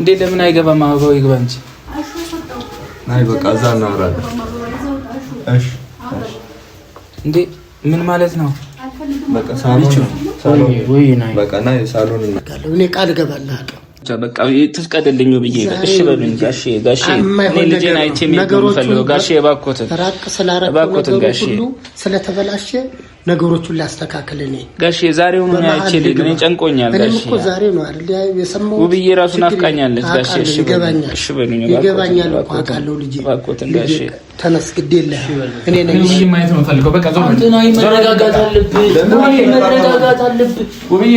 እንዴ ለምን አይገባም? አበባው ይግባ እንጂ። አይ በቃ እዛ እናወራለን። እሺ እንዴ ምን ማለት ነው? በቃ ሳሎን ሳሎን ወይ ነው በቃ ና ሳሎን እኔ ቃል እገባልሃለሁ ብቻ በቃ ትፍቀድልኝ ብዬ እሺ በሉኝ። ጋሼ ጋሼ እኔ ልጄን አይቼ የሚፈልገው ጋሼ የባኮትን ራቅ ስላረኩት ጋሼ ስለተበላሸ ነገሮቹን ላስተካክል። እኔ ጋሼ ዛሬው ምን አይቼ ልጅ እኔ ጨንቆኛል ጋሼ። እኔም እኮ ዛሬ ነው አይደል የሰማሁት። ውብዬ ራሱ ናፍቃኛለች ጋሼ። እሺ በሉኝ እሺ በሉኝ። ይገባኛል እኮ አውቃለሁ ልጄ። ባኮትን ጋሼ ተነስ፣ ግድ የለህም። እኔ ነኝ ማየት ነው ፈልገው። በቃ ዞር፣ መረጋጋት አለብህ፣ መረጋጋት አለብህ ውብዬ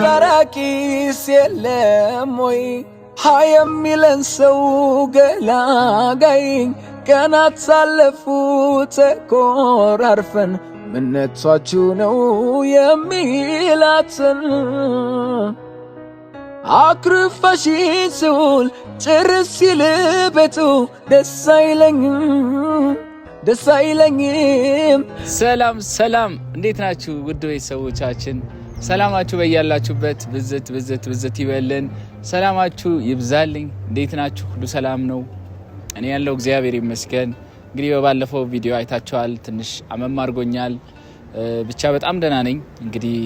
ጭራቂስ የለም ወይ ሀ የሚለን ሰው ገላጋይ ቀናት ሳለፉ ተኮራርፈን ምነቷችሁ ነው የሚላትን አክርፋሽን ስውል ጭርስ ሲል ቤቱ ደስ አይለኝም ደስ አይለኝም። ሰላም ሰላም፣ እንዴት ናችሁ ውድ ቤተሰቦቻችን? ሰላማችሁ በያላችሁበት ብዝት ብዝት ብዝት ይበልን። ሰላማችሁ ይብዛልኝ። እንዴት ናችሁ? ሁሉ ሰላም ነው? እኔ ያለው እግዚአብሔር ይመስገን። እንግዲህ በባለፈው ቪዲዮ አይታችኋል። ትንሽ አመም አድርጎኛል፣ ብቻ በጣም ደህና ነኝ እንግዲህ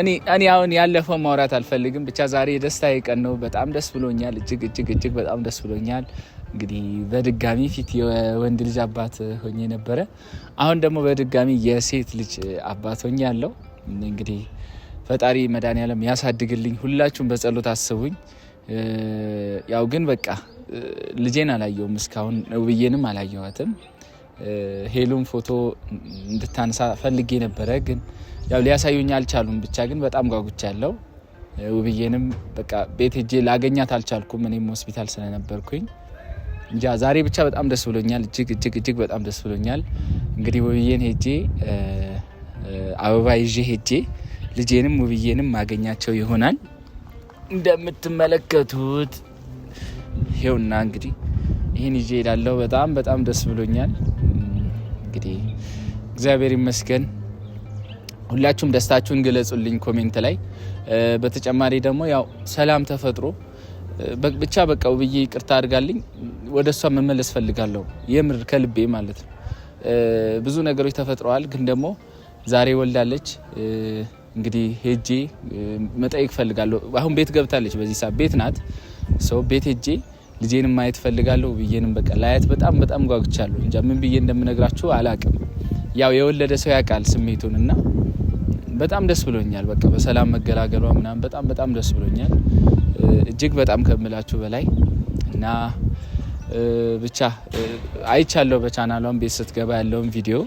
እኔ አሁን ያለፈው ማውራት አልፈልግም። ብቻ ዛሬ የደስታ ቀን ነው። በጣም ደስ ብሎኛል። እጅግ እጅግ እጅግ በጣም ደስ ብሎኛል። እንግዲህ በድጋሚ ፊት የወንድ ልጅ አባት ሆኜ ነበረ። አሁን ደግሞ በድጋሚ የሴት ልጅ አባት ሆኜ ያለው እንግዲህ ፈጣሪ መድኃኒዓለም ያሳድግልኝ። ሁላችሁም በጸሎት አስቡኝ። ያው ግን በቃ ልጄን አላየውም እስካሁን፣ ውብዬንም አላየዋትም። ሄሉም ፎቶ እንድታነሳ ፈልጌ ነበረ ግን ያው ሊያሳዩኝ አልቻሉም። ብቻ ግን በጣም ያለው ውብዬንም በቃ ቤት እጄ ላገኛት አልቻልኩም። እኔም ሆስፒታል ስለነበርኩኝ እንጃ። ዛሬ ብቻ በጣም ደስ ብሎኛል። እጅግ እጅግ እጅግ በጣም ደስ ብሎኛል። እንግዲህ ውብዬን ሄጄ አበባ ይዤ ሄጄ ልጄንም ውብዬንም ማገኛቸው ይሆናል። እንደምትመለከቱት ይሄውና እንግዲህ ይህን ይዤ ሄዳለሁ። በጣም በጣም ደስ ብሎኛል። እንግዲህ እግዚአብሔር ይመስገን። ሁላችሁም ደስታችሁን ግለጹልኝ ኮሜንት ላይ። በተጨማሪ ደግሞ ያው ሰላም ተፈጥሮ ብቻ በቃ ውብዬ ይቅርታ አድርጋልኝ ወደ እሷ መመለስ ፈልጋለሁ፣ የምር ከልቤ ማለት ነው። ብዙ ነገሮች ተፈጥረዋል፣ ግን ደግሞ ዛሬ ወልዳለች። እንግዲህ ሄጄ መጠየቅ ፈልጋለሁ። አሁን ቤት ገብታለች፣ በዚህ ሰዓት ቤት ናት። ሰው ቤት ሄጄ ልጄንም ማየት ፈልጋለሁ። ውብዬንም በቃ ላያት በጣም በጣም ጓጉቻለሁ። እንጃ ምን ብዬ እንደምነግራችሁ አላቅም። ያው የወለደ ሰው ያውቃል ስሜቱን እና በጣም ደስ ብሎኛል። በቃ በሰላም መገላገሏ ምናምን በጣም በጣም ደስ ብሎኛል እጅግ በጣም ከምላችሁ በላይ እና ብቻ አይቻለሁ። በቻናሏን ቤት ስትገባ ያለውን ቪዲዮ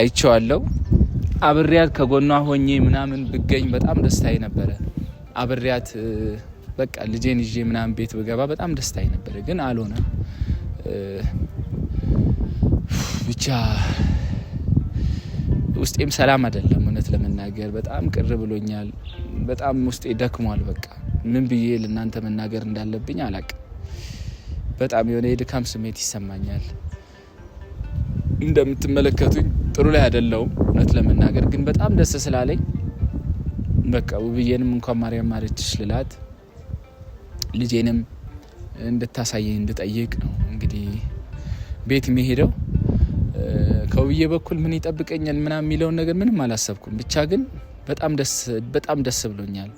አይቼዋለሁ። አብሬያት ከጎኗ ሆኜ ምናምን ብገኝ በጣም ደስታዬ ነበረ። አብሬያት በቃ ልጄን ይዤ ምናምን ቤት ብገባ በጣም ደስታዬ ነበረ፣ ግን አልሆነም ብቻ ውስጤም ሰላም አይደለም። እውነት ለመናገር በጣም ቅር ብሎኛል። በጣም ውስጤ ደክሟል። በቃ ምን ብዬ ለእናንተ መናገር እንዳለብኝ አላቅ። በጣም የሆነ የድካም ስሜት ይሰማኛል። እንደምትመለከቱኝ ጥሩ ላይ አይደለውም። እውነት ለመናገር ግን በጣም ደስ ስላለኝ በቃ ውብዬንም እንኳን ማርያም ማረችሽ ልላት ልጄንም እንድታሳየኝ እንድጠይቅ ነው እንግዲህ ቤት የሚሄደው ከውብዬ በኩል ምን ይጠብቀኛል ምናምን የሚለውን ነገር ምንም አላሰብኩም። ብቻ ግን በጣም ደስ ብሎኛል።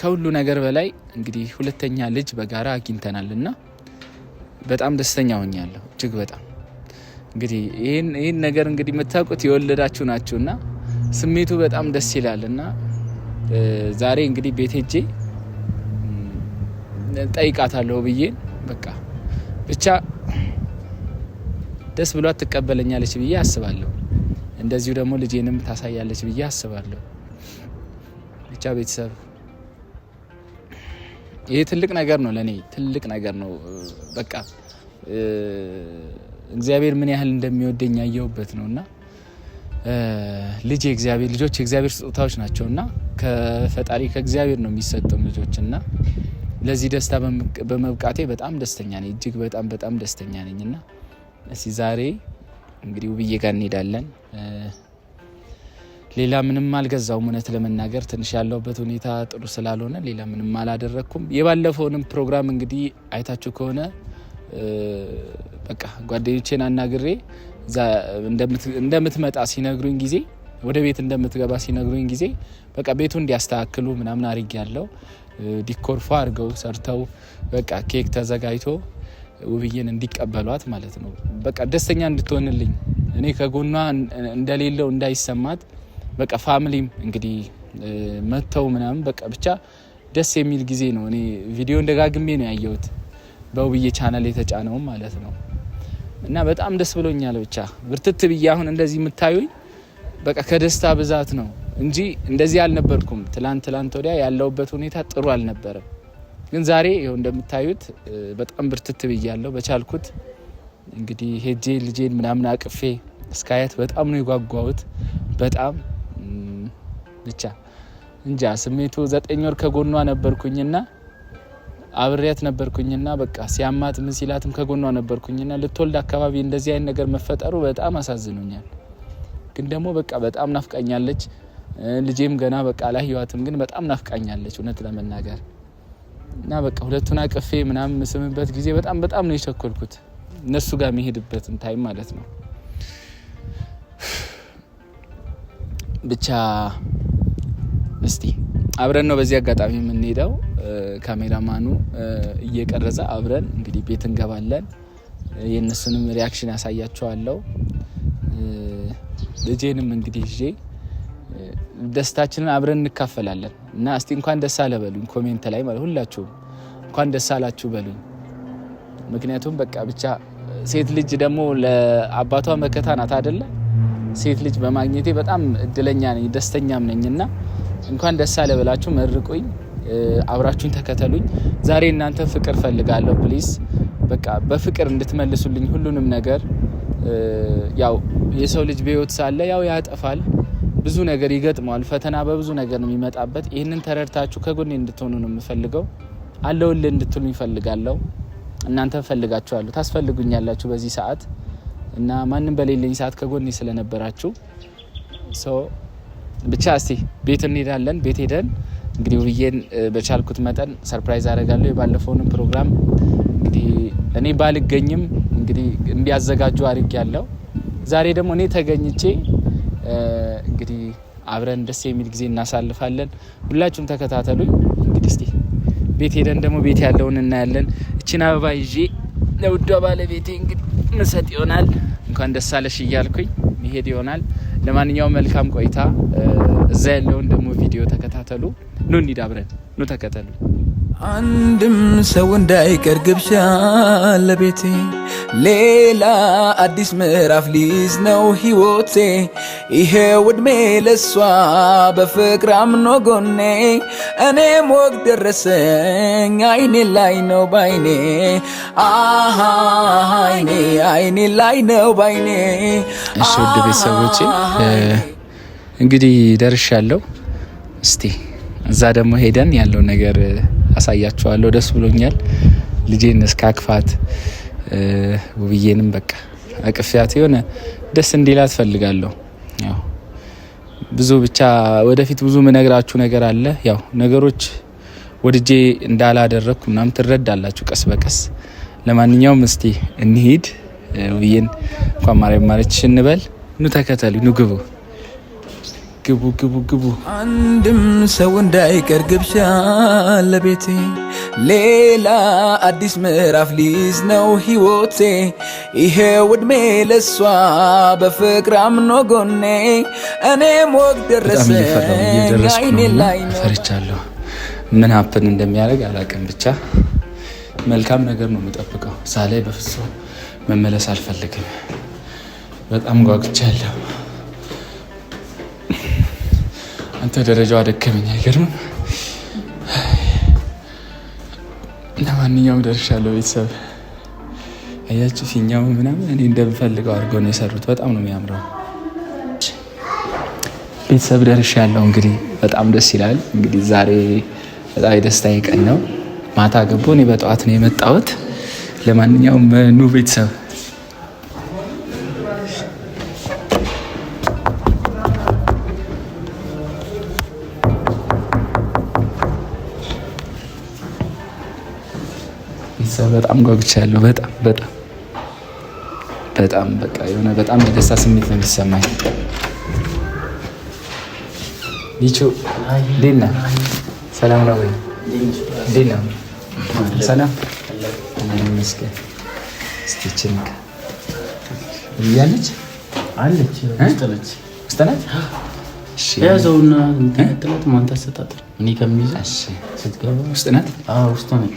ከሁሉ ነገር በላይ እንግዲህ ሁለተኛ ልጅ በጋራ አግኝተናል እና በጣም ደስተኛ ሆኛለሁ። እጅግ በጣም እንግዲህ ይህን ነገር እንግዲህ የምታውቁት የወለዳችሁ ናችሁ እና ስሜቱ በጣም ደስ ይላል እና ዛሬ እንግዲህ ቤት ሄጄ ጠይቃታለሁ ብዬን በቃ ብቻ ደስ ብሏት ትቀበለኛለች ብዬ አስባለሁ። እንደዚሁ ደግሞ ልጄንም ታሳያለች ብዬ አስባለሁ። ብቻ ቤተሰብ ይሄ ትልቅ ነገር ነው፣ ለእኔ ትልቅ ነገር ነው። በቃ እግዚአብሔር ምን ያህል እንደሚወደኝ ያየሁበት ነው እና ልጅ እግዚአብሔር ልጆች የእግዚአብሔር ስጦታዎች ናቸው እና ከፈጣሪ ከእግዚአብሔር ነው የሚሰጠው ልጆች እና ለዚህ ደስታ በመብቃቴ በጣም ደስተኛ ነኝ። እጅግ በጣም በጣም ደስተኛ ነኝ እና እስቲ ዛሬ እንግዲህ ውብዬ ጋር እንሄዳለን። ሌላ ምንም አልገዛውም። እውነት ለመናገር ትንሽ ያለውበት ሁኔታ ጥሩ ስላልሆነ ሌላ ምንም አላደረግኩም። የባለፈውንም ፕሮግራም እንግዲህ አይታችሁ ከሆነ በቃ ጓደኞቼን አናግሬ እንደምትመጣ ሲነግሩኝ ጊዜ ወደ ቤት እንደምትገባ ሲነግሩኝ ጊዜ በቃ ቤቱ እንዲያስተካክሉ ምናምን አርግ ያለው ዲኮር ፏ አድርገው ሰርተው በቃ ኬክ ተዘጋጅቶ ውብዬን እንዲቀበሏት ማለት ነው። በቃ ደስተኛ እንድትሆንልኝ እኔ ከጎኗ እንደሌለው እንዳይሰማት በቃ ፋሚሊም እንግዲህ መጥተው ምናምን በቃ ብቻ ደስ የሚል ጊዜ ነው። እኔ ቪዲዮ እንደጋግሜ ነው ያየሁት በውብዬ ቻናል የተጫነውም ማለት ነው። እና በጣም ደስ ብሎኛል። ብቻ ብርትት ብዬ አሁን እንደዚህ የምታዩኝ በቃ ከደስታ ብዛት ነው እንጂ እንደዚህ አልነበርኩም። ትላንት ትላንት ወዲያ ያለውበት ሁኔታ ጥሩ አልነበረም። ግን ዛሬ ይኸው እንደምታዩት በጣም ብርትት ብያለሁ። በቻልኩት እንግዲህ ሄጄ ልጄን ምናምን አቅፌ እስካየት በጣም ነው የጓጓሁት። በጣም ብቻ እንጃ ስሜቱ ዘጠኝ ወር ከጎኗ ነበርኩኝና አብሬያት ነበርኩኝና በቃ ሲያማት ምን ሲላትም ከጎኗ ነበርኩኝና ልትወልድ አካባቢ እንደዚህ አይነት ነገር መፈጠሩ በጣም አሳዝኖኛል። ግን ደግሞ በቃ በጣም ናፍቃኛለች። ልጄም ገና በቃ አላየኋትም፣ ግን በጣም ናፍቃኛለች እውነት ለመናገር እና በቃ ሁለቱን አቅፌ ምናምን ምስምበት ጊዜ በጣም በጣም ነው የቸኮልኩት እነሱ ጋር የሚሄድበትን ታይም ማለት ነው። ብቻ እስቲ አብረን ነው በዚህ አጋጣሚ የምንሄደው። ካሜራማኑ እየቀረጸ አብረን እንግዲህ ቤት እንገባለን። የእነሱንም ሪያክሽን ያሳያቸዋለው። ልጄንም እንግዲህ ይዤ ደስታችንን አብረን እንካፈላለን እና እስቲ እንኳን ደስ አለ በሉኝ፣ ኮሜንት ላይ ማለት ሁላችሁም እንኳን ደስ አላችሁ በሉኝ። ምክንያቱም በቃ ብቻ ሴት ልጅ ደግሞ ለአባቷ መከታ ናት አደለ? ሴት ልጅ በማግኘቴ በጣም እድለኛ ነኝ ደስተኛም ነኝ እና እንኳን ደስ አለ በላችሁ፣ መርቁኝ፣ አብራችሁን ተከተሉኝ። ዛሬ እናንተ ፍቅር ፈልጋለሁ ፕሊስ፣ በቃ በፍቅር እንድትመልሱልኝ ሁሉንም ነገር። ያው የሰው ልጅ በህይወት ሳለ ያው ያጠፋል ብዙ ነገር ይገጥመዋል። ፈተና በብዙ ነገር ነው የሚመጣበት። ይህንን ተረድታችሁ ከጎኔ እንድትሆኑ ነው የምፈልገው። አለውልህ እንድትሉ ይፈልጋለሁ። እናንተ እፈልጋችኋለሁ፣ ታስፈልጉኛላችሁ በዚህ ሰዓት እና ማንም በሌለኝ ሰዓት ከጎኔ ስለነበራችሁ ብቻ እስቲ ቤት እንሄዳለን። ቤት ሄደን እንግዲህ ውብዬን በቻልኩት መጠን ሰርፕራይዝ አደርጋለሁ። የባለፈውንም ፕሮግራም እንግዲህ እኔ ባልገኝም እንግዲህ እንዲያዘጋጁ አድርግ ያለው ዛሬ ደግሞ እኔ ተገኝቼ እንግዲህ አብረን ደስ የሚል ጊዜ እናሳልፋለን። ሁላችሁም ተከታተሉኝ። እንግዲህ እስቲ ቤት ሄደን ደግሞ ቤት ያለውን እናያለን። እችን አበባ ይዤ ለውዷ ባለቤቴ እንግዲህ ምሰጥ ይሆናል። እንኳን ደስ አለሽ እያልኩኝ መሄድ ይሆናል። ለማንኛውም መልካም ቆይታ። እዛ ያለውን ደግሞ ቪዲዮ ተከታተሉ። ኑ እንሂድ አብረን ኑ ተከተሉ። አንድም ሰው እንዳይቀር ግብዣ ለቤቴ ሌላ አዲስ ምዕራፍ ነው ሕይወቴ ይሄ ውድሜ ለሷ በፍቅር አምኖ ጎኔ እኔም ወግ ደረሰኝ አይኔ ላይ ነው ባይኔ አሃ አይኔ አይኔ ላይ ነው ባይኔ። እሺ ውድ ቤተሰቦቼ እንግዲህ ደርሻለሁ። እስቲ እዛ ደግሞ ሄደን ያለው ነገር አሳያችኋለሁ። ደስ ብሎኛል። ልጄን እስከ አቅፋት ውብዬንም በቃ አቅፊያት የሆነ ደስ እንዲላ ትፈልጋለሁ ያው ብዙ ብቻ ወደፊት ብዙ ምነግራችሁ ነገር አለ። ያው ነገሮች ወድጄ እንዳላደረግኩ ምናምን ትረዳላችሁ ቀስ በቀስ። ለማንኛውም እስቲ እንሂድ። ውብዬን እንኳን ማርያም ማረችሽ እንበል። ኑ ተከተሉ፣ ኑ ግቡ። ግቡ ግቡ ግቡ። አንድም ሰው እንዳይቀር ግብዣ ለቤቴ ሌላ አዲስ ምዕራፍ ሊዝ ነው ሕይወቴ። ይሄ ውድሜ ለሷ በፍቅር አምኖ ጎኔ እኔም ወግ ደረሰ ፈርቻለሁ። ምን ሀፕን እንደሚያደርግ አላውቅም። ብቻ መልካም ነገር ነው የምጠብቀው። እዛ ላይ በፍጹም መመለስ አልፈልግም። በጣም ጓጉቻለሁ። አንተ ደረጃው አደከመኝ። አይገርምም? ለማንኛውም ደርሻለሁ። ቤተሰብ አያችሁ፣ ፊኛው ምናምን እኔ እንደምፈልገው አድርገው ነው የሰሩት። በጣም ነው የሚያምረው። ቤተሰብ ደርሻለሁ። እንግዲህ በጣም ደስ ይላል። እንግዲህ ዛሬ በጣም የደስታዬ ቀን ነው። ማታ ገቦ እኔ በጠዋት ነው የመጣሁት። ለማንኛውም ኑ ቤተሰብ በጣም ጓጉቻለሁ። በጣም በጣም በጣም በቃ የሆነ በጣም የደስታ ስሜት ነው የሚሰማኝ። ሊቹ እንዴት ነህ? ሰላም ነው ወይ? እንዴት ነው? ሰላም ይመስገን። እስኪ ችን እያለች አለች ውስጥ ነች። ያዘውና ጥላት ማንታ ሰጣት እኔ ከሚይዘ ስትገባ ውስጥ ናት ውስጥ ነች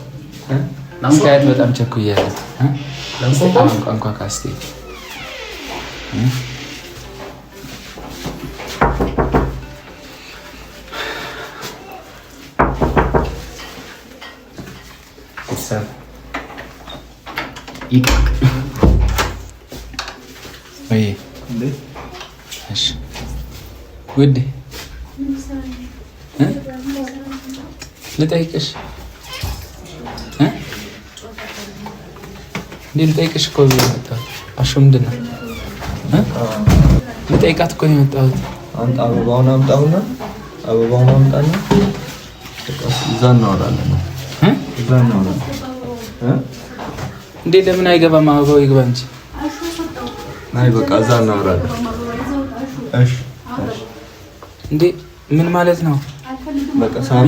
ምክንያት በጣም ቸኩያለሁ። አንኳኳ ካስቴ ውዴ ልጠይቅሽ እንዴ ልጠይቅሽ እኮ ነው የመጣሁት። አሹ ምንድን ነው ልጠይቃት እኮ ነው የመጣሁት። አምጣ አበባውን አምጣውና አበባውን አምጣና እዛ እናወራለን። እንዴ ለምን አይገባም? አበባው ይግባ እንጂ። አይ በቃ እዛ እናወራለን። እሺ። እንዴ ምን ማለት ነው? በቃ ሳሚ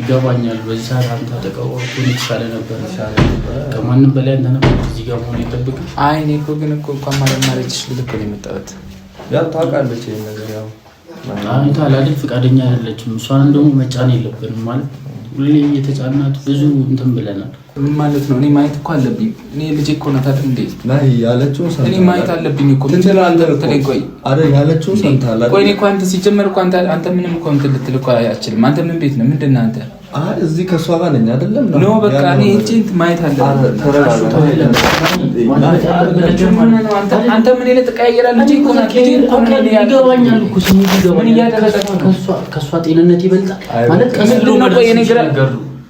ይገባኛል። በዚህ ሰዓት አንተ አጠቀው የተሻለ ነበር። ከማንም በላይ አንተ ነበር እዚህ ጋር መሆን የጠብቅ። አይ እኔ እኮ ግን እኮ እንኳን ማለማለች ልክ ነው የመጣሁት። ያው ታውቃለች ነገር ያው አይታ አላደል ፈቃደኛ አይደለችም። እሷን ደግሞ መጫን የለብንም ማለት ሁሌ እየተጫናት ብዙ እንትን ብለናል። ምን ማለት ነው? እኔ ማየት እኮ አለብኝ። እኔ ልጅ እኮ ናት እንዴ? እኔ ማየት አለብኝ እኮ ቆይ እኔ እኮ አንተ ሲጀመር እኮ አንተ ምንም እኮ እንትን ልትል እኮ አችልም። አንተ ምን ቤት ነው ምንድን ነህ አንተ እዚህ ከእሷ ጋር ነኝ አይደለም? ነው በቃ እኔ እጄን ማየት አለ። አንተ ምን ይለ ትቀያየራለህ? ምን እያደረገ ከእሷ ጤንነት ይበልጣል ማለት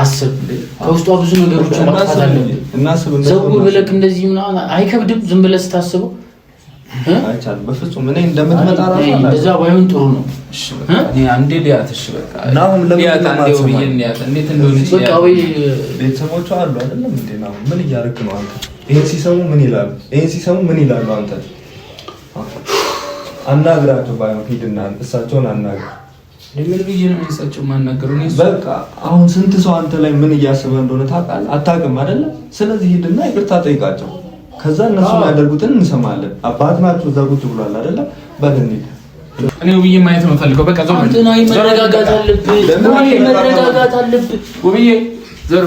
አስብ ከውስጧ ብዙ ነገሮች ማጥፋት እንደዚህ ምናምን አይከብድም። ዝም ብለህ ስታስበው እንደዛ ባይሆን ጥሩ ነው። አንዴ ሊያት እሺ፣ በቃ አሉ አይደለም እንዴ? ምን እያደረክ ነው አንተ? ሲሰሙ ምን ይላሉ? ሲሰሙ ምን ይላሉ? አንተ አናግራቸው፣ ባይሆን ሂድና እሳቸውን አናግር ለምን ብዬ ነው እሳቸው በቃ አሁን ስንት ሰው አንተ ላይ ምን እያስበ እንደሆነ ታውቃለህ? አታውቅም አይደለ? ስለዚህ ሂድና ይቅርታ ጠይቃቸው። ከዛ እነሱ የሚያደርጉትን እንሰማለን። አባት ናቸው፣ እዛ ቁጭ ብሏል አይደለ? በል እንሂድ። እኔ ውብዬ ማየት ነው ፈልገው። በቃ ዞር አንተ ነው። መረጋጋት አለብህ፣ መረጋጋት አለብህ ውብዬ ዞር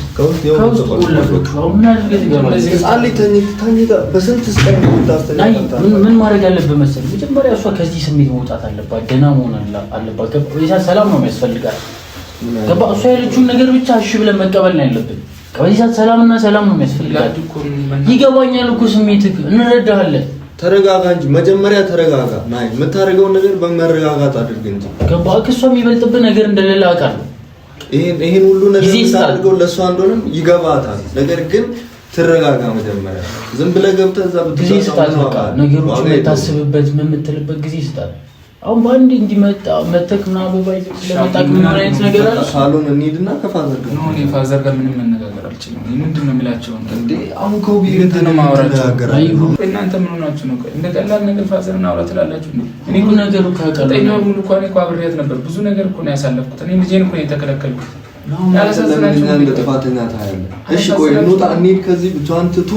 ምን ማድረግ ያለብህ መሰለህ? መጀመሪያ እሷ ከዚህ ስሜት መውጣት አለባት፣ ገና መሆን አለባት። ሰላም ነው የሚያስፈልጋት። እሷ ያለችውን ነገር ብቻ እሺ ብለን መቀበል ነው ያለብን። ከዚህ ሰዓት ሰላምና ሰላም ነው የሚያስፈልጋት። ይገባኛል እኮ ስሜትህ፣ እንረዳሃለን። ተረጋጋ እንጂ መጀመሪያ ተረጋጋ። የምታደርገውን ነገር በመረጋጋት አድርግ እንጂ ገባህ? እሷ የሚበልጥብህ ነገር እንደሌለ አውቃለሁ ይሄን ይሄን ሁሉ ነገር ታድርገው ለእሷ እንደሆነም ይገባታል። ነገር ግን ትረጋጋ። መጀመሪያ ዝም ብለህ ገብተህ እዛ ብትሰጣ ነገሮችን የምታስብበት የምትልበት ጊዜ ይስጣል። አሁን በአንድ እንዲመጣ መተክ ምና ሞባይል ለመጣቅ ምን አይነት ነገር አለ? ሳሎን እንሂድና ከፋዘር ጋር ነው። እኔ ፋዘር ጋር ምንም መነጋገር አልችልም። ምንድን ነው የሚላቸው እንዴ? አሁን ከውብ ይገተነ ማውራቸው እናንተ ምን ሆናችሁ ነው? እንደ ቀላል ነገር ፋዘር እና አውራ ትላላችሁ። እኔ ሁሉ ነገር ካቀለ እኔ ሁሉ እኮ እኔ እኮ ነበር። ብዙ ነገር እኮ ነው ያሳለፍኩት። እኔ ልጄን እኮ ነው የተከለከልኩት። ያለሳዘናችሁ እንደ ጥፋተኛ ታያለህ። እሺ ቆይ እንውጣ፣ እንሂድ ከዚህ ብቻዋን ትቶ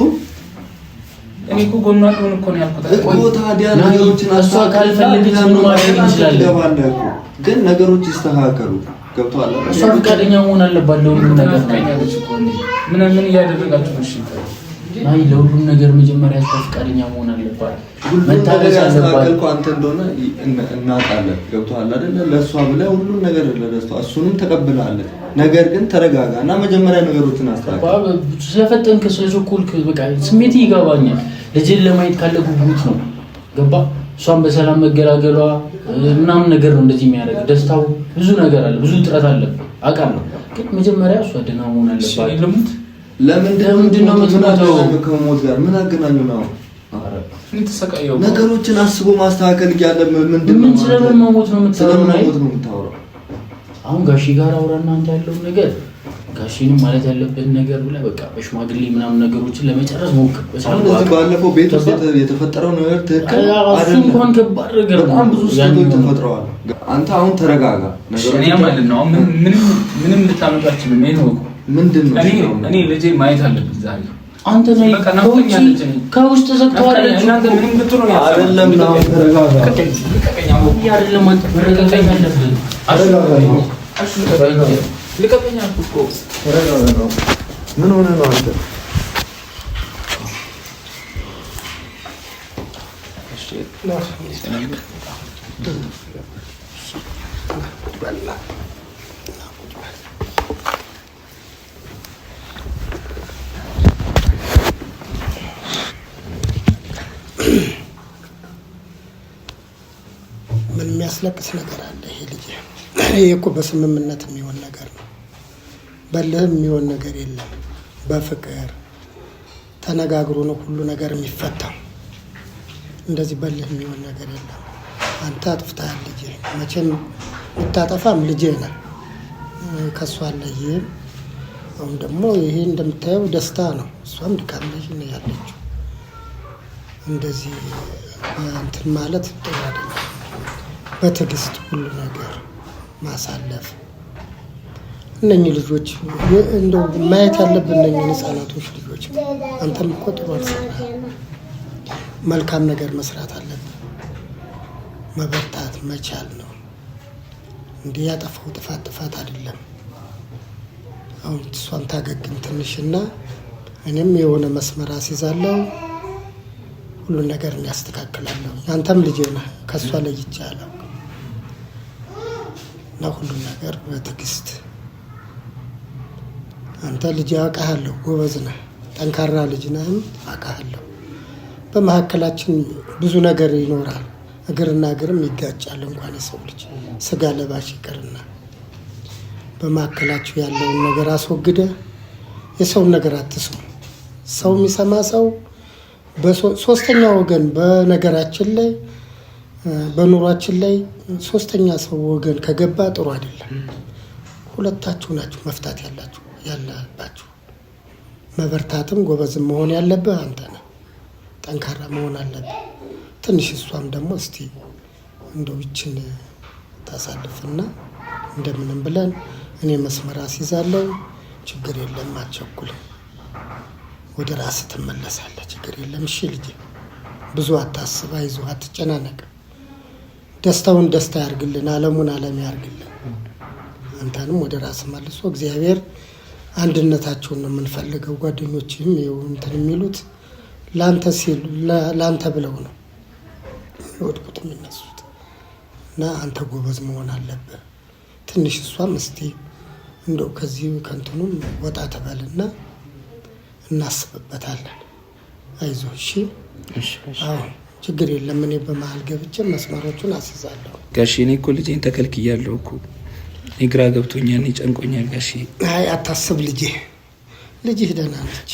እኔ እኮ ጎኗ ልሆን እኮ ነው ያልኩት እኮ ታዲያ ነገሮችን እሷ ካልፈለገች ምን ማድረግ እንችላለን? ግን ነገሮች ይስተካከሉ። ገብቶሃል? እሷ ፈቃደኛ መሆን አለባት ለሁሉም ነገር። ምን ምን እያደረጋችሁ ነው ማይ ለሁሉም ነገር መጀመሪያ ፈቃደኛ መሆን አለባት። መታገዝ አለባት አንተ እንደሆነ እናውቃለን። ገብቶሃል አይደለ? ለእሷ ብለህ ሁሉም ነገር እሱንም ነገር ግን ተረጋጋ እና መጀመሪያ ነገሮችን አስተካክል። ስለፈጠንክ ስለቸኮልክ በቃ ስሜት ይገባኛል። ልጅን ለማየት ካለ ጉጉት ነው ገባ እሷን በሰላም መገላገሏ ምናምን ነገር ነው እንደዚህ የሚያደርግ ደስታው ብዙ ነገር አለ፣ ብዙ ጥረት አለ አውቃለሁ። ግን መጀመሪያ እሷ ደህና መሆን አለባት። ለምንድነው ከሞት ጋር ምን ነው? ነገሮችን አስቦ ማስተካከል እያለ ነው ነው አሁን ጋሺ ጋር አውራና አንተ ያለውን ነገር ጋሺንም ማለት ያለበት ነገር ብለህ በቃ በሽማግሌ ምናምን ነገሮችን ለመጨረስ ሞክር። ባለፈው ቤት ውስጥ የተፈጠረው ነገር ትክክል እንኳን ከባድ ነገር በጣም ብዙ ስህተቶች ተፈጥረዋል። አንተ አሁን ተረጋጋ። ምንም ልታመጣችልም ነው ምንድን ነው? እኔ ልጄ ማየት አለብኝ ዛሬ አንተ ነህ ከውስጥ ዘግተዋል። እናንተ ምንም ምን ሆነህ ነው የሚያስለቅስ ነገር አለ። ይሄ ልጅ ይሄ እኮ በስምምነት የሚሆን ነገር ነው። በልህም የሚሆን ነገር የለም። በፍቅር ተነጋግሮ ነው ሁሉ ነገር የሚፈታው። እንደዚህ በልህ የሚሆን ነገር የለም። አንተ አጥፍተሃል ልጅ። መቼም ብታጠፋም ልጄ ነህ። ከእሷ አለይህም። አሁን ደግሞ ይሄ እንደምታየው ደስታ ነው። እሷም ድካም ላይ ነው ያለችው። እንደዚህ እንትን ማለት ጥሩ አይደለም። በትዕግስት ሁሉ ነገር ማሳለፍ እነኚህ ልጆች እንደው ማየት ያለብን እነኚህ ህፃናቶች ልጆች፣ አንተም እኮ ጥሩ አልሰራህም። መልካም ነገር መስራት አለብን። መበርታት መቻል ነው። እንዲህ ያጠፋው ጥፋት ጥፋት አይደለም። አሁን እሷም ታገግም ትንሽና እኔም የሆነ መስመር አስይዛለሁ። ሁሉን ነገር እንዲያስተካክላለሁ። አንተም ልጄ ነህ፣ ከእሷ ለይቻለሁ ለሁሉ ነገር በትዕግስት አንተ ልጅ አውቃሃለሁ፣ ጎበዝ ነህ፣ ጠንካራ ልጅ ነህም አውቃሃለሁ። በመሀከላችን ብዙ ነገር ይኖራል። እግርና እግርም ይጋጫል። እንኳን የሰው ልጅ ስጋ ለባሽ ይቅርና በመሀከላችሁ ያለውን ነገር አስወግደ የሰውን ነገር አትስሙ። ሰው የሚሰማ ሰው ሶስተኛ ወገን በነገራችን ላይ በኑሯችን ላይ ሶስተኛ ሰው ወገን ከገባ ጥሩ አይደለም። ሁለታችሁ ናችሁ መፍታት ያላችሁ ያለባችሁ። መበርታትም ጎበዝም መሆን ያለብህ አንተ ነህ። ጠንካራ መሆን አለብህ። ትንሽ እሷም ደግሞ እስቲ እንደው ይችን ታሳልፍና እንደምንም ብለን እኔ መስመር አስይዛለሁ። ችግር የለም አትቸኩልም። ወደ ራስ ትመለሳለህ። ችግር የለም እሺ ልጄ፣ ብዙ አታስብ፣ አይዞህ፣ አትጨናነቅ። ደስታውን ደስታ ያርግልን፣ አለሙን አለም ያርግልን፣ አንተንም ወደ ራስ መልሶ እግዚአብሔር አንድነታቸውን ነው የምንፈልገው። ጓደኞችም ይኸው እንትን የሚሉት ለአንተ ሲሉ ለአንተ ብለው ነው የሚወድቁት የሚነሱት እና አንተ ጎበዝ መሆን አለብህ። ትንሽ እሷም እስቲ እንደው ከዚህ ከንትኑም ወጣ ተበልና እናስብበታለን። አይዞህ እሺ። አሁን ችግር የለም። እኔ በመሀል ገብቼ መስመሮቹን አስይዛለሁ። ጋሺ እኔ እኮ ልጄን ተከልክያለሁ እኮ እኔ ግራ ገብቶኛል፣ እኔ ጨንቆኛል። ጋሼ አይ አታስብ ልጄ ልጅህ ደህና ነች።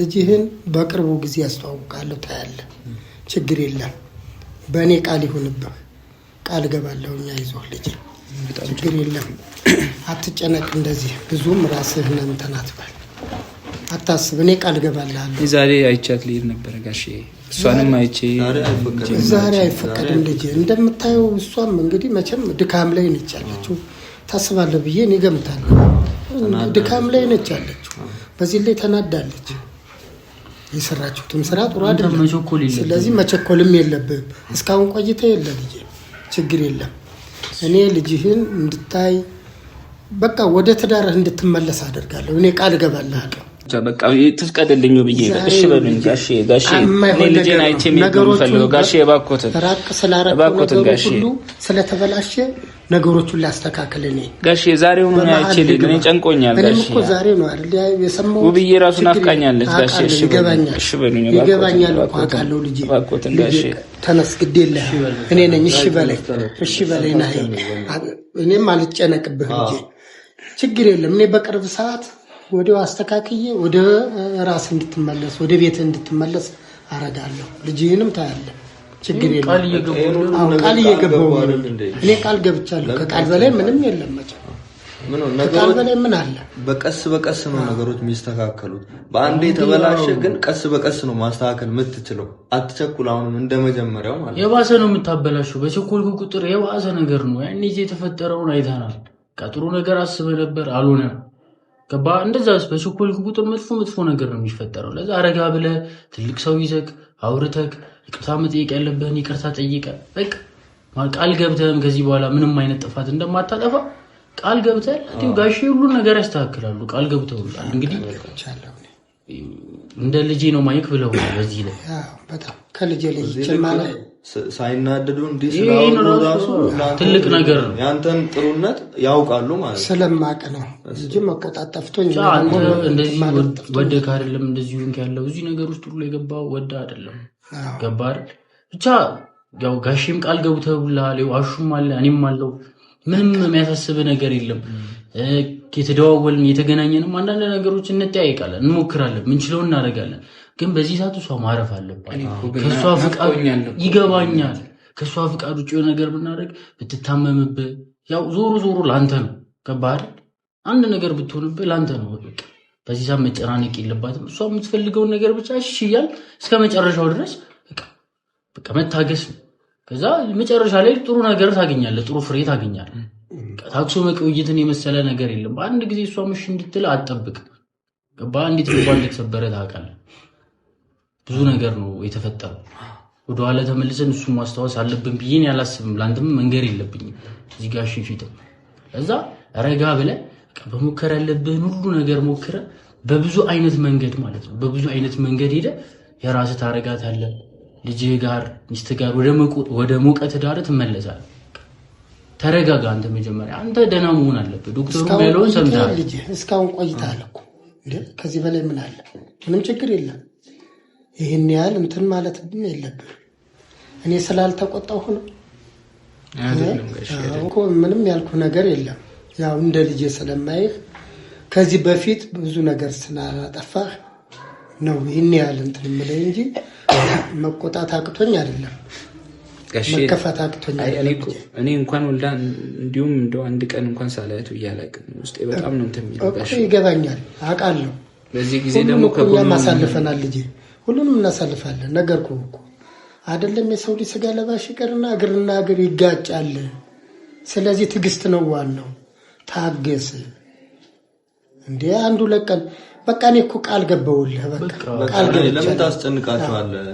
ልጅህን በቅርቡ ጊዜ ያስተዋውቃለሁ፣ ታያለህ። ችግር የለም። በእኔ ቃል ይሁንብህ፣ ቃል እገባለሁ። እኛ ይዞህ ልጅ ችግር የለም፣ አትጨነቅ። እንደዚህ ብዙም ራስህ እንትን አታስብ። እኔ ቃል እገባልሃለሁ። ዛሬ አይቻት ልሄድ ነበረ ጋሼ እሷንም አይቼ ዛሬ አይፈቀድም። ልጅ እንደምታየው እሷም እንግዲህ መቼም ድካም ላይ ነች ያለችው ታስባለሁ ብዬ እኔ እገምታለሁ። ድካም ላይ ነች ያለችው፣ በዚህ ላይ ተናዳለች። የሰራችሁትም ስራ ጥሩ አይደለም። ስለዚህ መቸኮልም የለብህም። እስካሁን ቆይተ የለ ልጅ ችግር የለም። እኔ ልጅህን እንድታይ በቃ ወደ ትዳርህ እንድትመለስ አደርጋለሁ። እኔ ቃል እገባልሃለሁ። በቃ ትፍቀድልኝ ብዬ እሺ በሉኝ። ጋሼ ጋሼ ልጄን አይቼ የሚፈልገው ጋሼ ራቅ ስለተበላሸ ነገሮቹን እኔ ጋሼ ዛሬው ምን አይቼ እኔ ጨንቆኛል ጋሼ። ዛሬ ነው አይደል የሰማሁት። ውብዬ ናፍቃኛለች ጋሼ። እሺ እሺ በሉኝ፣ ይገባኛል አውቃለሁ። ልጄ ጋሼ ተነስ፣ እኔ ነኝ። እሺ በለኝ፣ እሺ በለኝ። ና እኔም አልጨነቅብህ ልጄ፣ ችግር የለም እኔ በቅርብ ሰዓት ወደ አስተካክዬ ወደ ራስ እንድትመለስ ወደ ቤት እንድትመለስ አረጋለሁ። ልጅህንም ታያለ ችግር የለም። ቃል እየገባሁ እኔ ቃል ገብቻለሁ። ከቃል በላይ ምንም የለም መቼም ከቃል በላይ ምን አለ? በቀስ በቀስ ነው ነገሮች የሚስተካከሉት። በአንድ የተበላሸ ግን ቀስ በቀስ ነው ማስተካከል የምትችለው። አትቸኩል። አሁንም እንደመጀመሪያው መጀመሪያው ማለት የባሰ ነው የምታበላሸው። በቸኮልኩ ቁጥር የባሰ ነገር ነው። ያን ጊዜ የተፈጠረውን አይተናል። ከጥሩ ነገር አስበህ ነበር አልሆነም። ገባህ? እንደዛ በቸኮል ቁጥር መጥፎ መጥፎ ነገር ነው የሚፈጠረው። ለዛ አረጋ ብለ ትልቅ ሰው ይዘህ አውርተክ ይቅርታ መጠየቅ ያለብህን ይቅርታ ጠይቀ በቃ ቃል ገብተህም ከዚህ በኋላ ምንም አይነት ጥፋት እንደማታጠፋ ቃል ገብተህ እንዲሁ ጋሼ ሁሉን ነገር ያስተካክላሉ። ቃል ገብተውልሃል። እንግዲህ እንደ ልጄ ነው ማይክ ብለው በዚህ ላይ በጣም ከልጄ ልጅ ማለት ሳይናደዱ እንዲህ ስለአውቁ ራሱ ትልቅ ነገር ነው። ያንተን ጥሩነት ያውቃሉ ማለት ነው። ስለማቅ ነው እንጂ መቆጣት ጠፍቶኝ እንደዚህ ወደህ አይደለም እንደዚህ ሆንክ ያለው እዚህ ነገር ውስጥ ሁሉ የገባው ወደ አይደለም ገባር ብቻ ያው ጋሽም ቃል ገብተውልሃል። አሹም አለ እኔም አለው። ምንም የሚያሳስብ ነገር የለም። የተደዋወልን የተገናኘንም አንዳንድ ነገሮች እንጠያይቃለን፣ እንሞክራለን፣ ምንችለው እናደርጋለን። ግን በዚህ ሰዓት እሷ ማረፍ አለባት። ፍቃድ ይገባኛል። ከእሷ ፍቃድ ውጭ ነገር ብናደርግ ብትታመምብህ፣ ያው ዞሮ ዞሮ ለአንተ ነው። ገባህ? አንድ ነገር ብትሆንብህ ለአንተ ነው። በዚህ ሰዓት መጨናነቅ የለባትም። እሷ የምትፈልገውን ነገር ብቻ እሺ እስከ መጨረሻው ድረስ በቃ መታገስ ነው። ከዛ መጨረሻ ላይ ጥሩ ነገር ታገኛለህ፣ ጥሩ ፍሬ ታገኛለህ። ታክሶ መቆየትን የመሰለ ነገር የለም። በአንድ ጊዜ እሷ እሺ እንድትል አትጠብቅ። ገባህ? እንዴት ልቧ እንደተሰበረ ታውቃለህ። ብዙ ነገር ነው የተፈጠረው። ወደኋላ ተመልሰን እሱ ማስታወስ አለብን ብዬን ያላስብም። ለአንተም መንገር የለብኝም እዚህ ጋር እሺ፣ እዛ ረጋ ብለህ በሞከር ያለብህን ሁሉ ነገር ሞክረ በብዙ አይነት መንገድ ማለት ነው በብዙ አይነት መንገድ የራስ የራስህ አለ ልጅ ጋር ሚስት ጋር ወደ ሞቀት ዳር ትመለሳል ተረጋጋ። አንተ መጀመሪያ አንተ ደህና መሆን አለብህ። ዶክተሩ ያለውን ሰምተሃል። እስካሁን ቆይተሃል እኮ ከዚህ በላይ ምን አለ? ምንም ችግር የለም። ይህን ያህል እንትን ማለት የለብህ። እኔ ስላልተቆጣሁ ነው እኮ ምንም ያልኩ ነገር የለም። ያው እንደ ልጅ ስለማይህ ከዚህ በፊት ብዙ ነገር ስላላጠፋህ ነው ይህን ያህል እንትን የምልህ እንጂ መቆጣት አቅቶኝ አይደለም፣ መከፋት አቅቶኝ እኔ እንኳን ወልዳ እንዲሁም እንደው አንድ ቀን እንኳን ሳላያት እያላቅ ውስጤ በጣም ነው ይገባኛል፣ አውቃለሁ። በዚህ ጊዜ ደግሞ ማሳልፈናል ልጄ ሁሉንም እናሳልፋለን። ነገርኩ እኮ አይደለም የሰው ልጅ ስጋ ለባሽ ይቀርና እግርና እግር ይጋጫል። ስለዚህ ትዕግስት ነው ዋናው። ታገስ እንዴ አንዱ ለቀን በቃ እኔ እኮ ቃል ገባሁልህ። በቃ ለምን ታስጨንቃቸዋለህ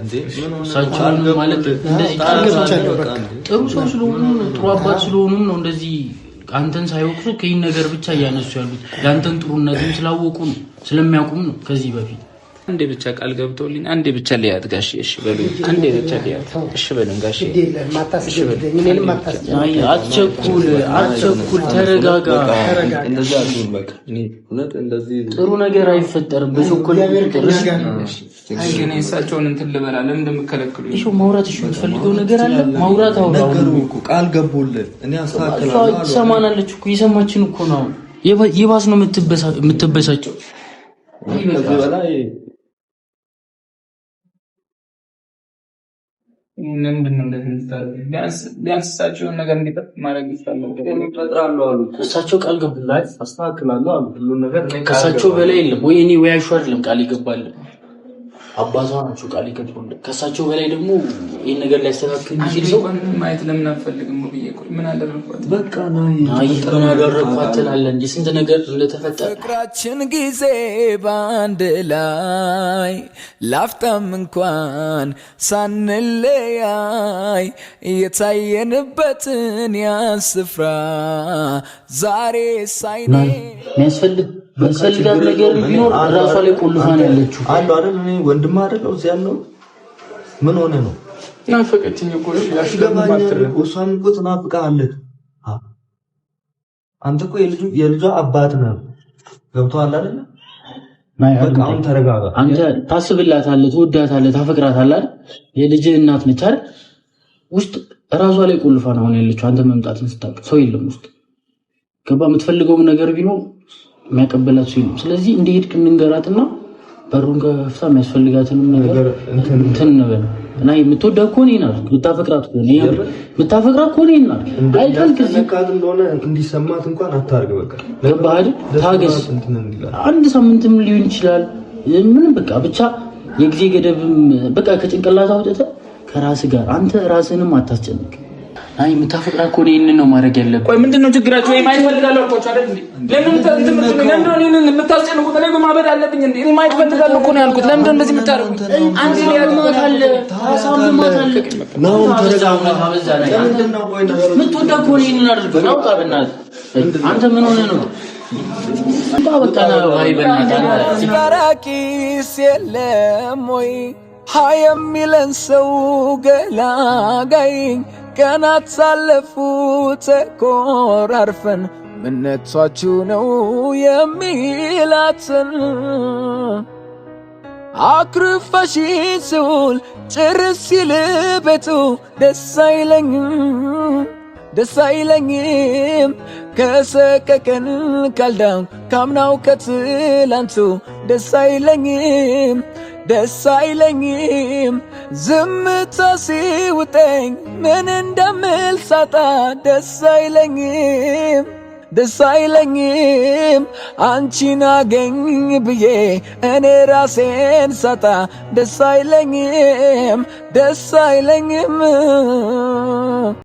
ጥሩ ሰው ስለሆኑ ጥሩ አባት ስለሆኑም ነው እንደዚህ አንተን ሳይወቅሱ ከይህን ነገር ብቻ እያነሱ ያሉት የአንተን ጥሩነትም ስላወቁ ነው ስለሚያውቁም ነው ከዚህ በፊት አንዴ ብቻ ቃል ገብቶልኝ አንዴ ብቻ ሊያት ጋሽ እሺ በሉ። አንዴ ብቻ ሊያት እሺ በሉ ጋሼ። አትቸኩል፣ አትቸኩል፣ ተረጋጋ። ጥሩ ነገር አይፈጠርም። በቸኮል ግን የእሳቸውን እንትን ልበላ ለምን እንደምከለክሉ ማውራት እሺ፣ የምትፈልገው ነገር አለ ማውራት። አውራ እኮ ቃል እኔ ገቡልን። ትሰማናለች እኮ የሰማችን እኮ ነው። ይባስ ነው የምትበሳቸው ምንድን እንደዚህ ልታደርግ? ቢያንስ ነገር እንዲጠጥ ማድረግ ይፈለግ አሉ። እሳቸው ቃል ገብላ አስተካክላለሁ አሉ። ሁሉ ነገር ከእሳቸው በላይ የለም ወይ እኔ ወይ አይሹ አይደለም ቃል ይገባል። አባቷ ናቸው ቃል ይገባል። ከእሳቸው በላይ ደግሞ ይህን ነገር ሊያስተካክል የሚችል ሰው ማየት ለምን አንፈልግም? ስንት ነገር እንደተፈጠረ ፍቅራችን ጊዜ በአንድ ላይ ላፍታም እንኳን ሳንለያይ እየታየንበትን ያን ስፍራ ዛሬ ሳይኔ ሚያስፈልግ ያስፈልጋት ነገር ቢኖር ራሷ ላይ ቆልፋን ያለችው አሉ አይደል? ወንድማ አይደለው እዚያ ያለው ምን ሆነ ነው ናፈቀችኝ እኮ እሷም እኮ ትናፍቅሃለች። አንተ እኮ የልጇ አባት ነህ። ገብቶሃል አይደለ? አሁን ተረጋጋ። አንተ ታስብላታለህ፣ ትወዳታለህ፣ ታፈቅራታለህ። የልጅህ እናት ነች አይደል? ውስጥ እራሷ ላይ ቆልፋ ነው አሁን ያለችው። አንተ መምጣትን ስታውቅ ሰው የለም ውስጥ ገባ። የምትፈልገውም ነገር ቢኖር የሚያቀበላት ሰው የለም። ስለዚህ እንደሄድክ እንንገራትና በሩን ከፍታ የሚያስፈልጋትንም ነገር እንትን እንበል እና የምትወዳ ከሆነ ይናል የምታፈቅራት ከሆነ የምታፈቅራት ከሆነ ይናል አይጠልቅ እንደሆነ እንዲሰማት እንኳን አታርግ። በቃ ታገስ። አንድ ሳምንትም ሊሆን ይችላል። ምንም በቃ ብቻ የጊዜ ገደብም በቃ ከጭንቅላት አውጥተህ ከራስ ጋር አንተ ራስህንም አታስጨንቅ። አይ የምታፈቅራ እኮ ይህንን ነው ማድረግ ያለብህ። ቆይ ምንድን ነው ችግራችሁ? ወይ ማየት ፈልጋለሁ እኮ አይደል እንዴ? ለምን ማበድ አለብኝ እንዴ? እኔ ማየት ፈልጋለሁ እኮ ነው ያልኩት። ለምን እንደዚህ የምታደርጉት? አንዴ አንተ ምን ሆነ ነው? ራቂስ የለም ወይ ሀ የሚለን ሰው ገላጋይ ቀናት ሳለፉ አርፈን! ምነቷችሁ ነው የሚላትን አክርፋሽ ስውል ጭርስ ሲል ቤቱ ደስ አይለኝም ደስ አይለኝም ከሰቀቀን ካልዳም ካምናው ከትላንቱ ደስ አይለኝም ደስ አይለኝም ዝምታ ሲውጠኝ ምን እንደምል ሳጣ ደስ አይለኝም ደስ አይለኝም አንቺን አገኝ ብዬ እኔ ራሴን ሳጣ ደስ አይለኝም ደስ አይለኝም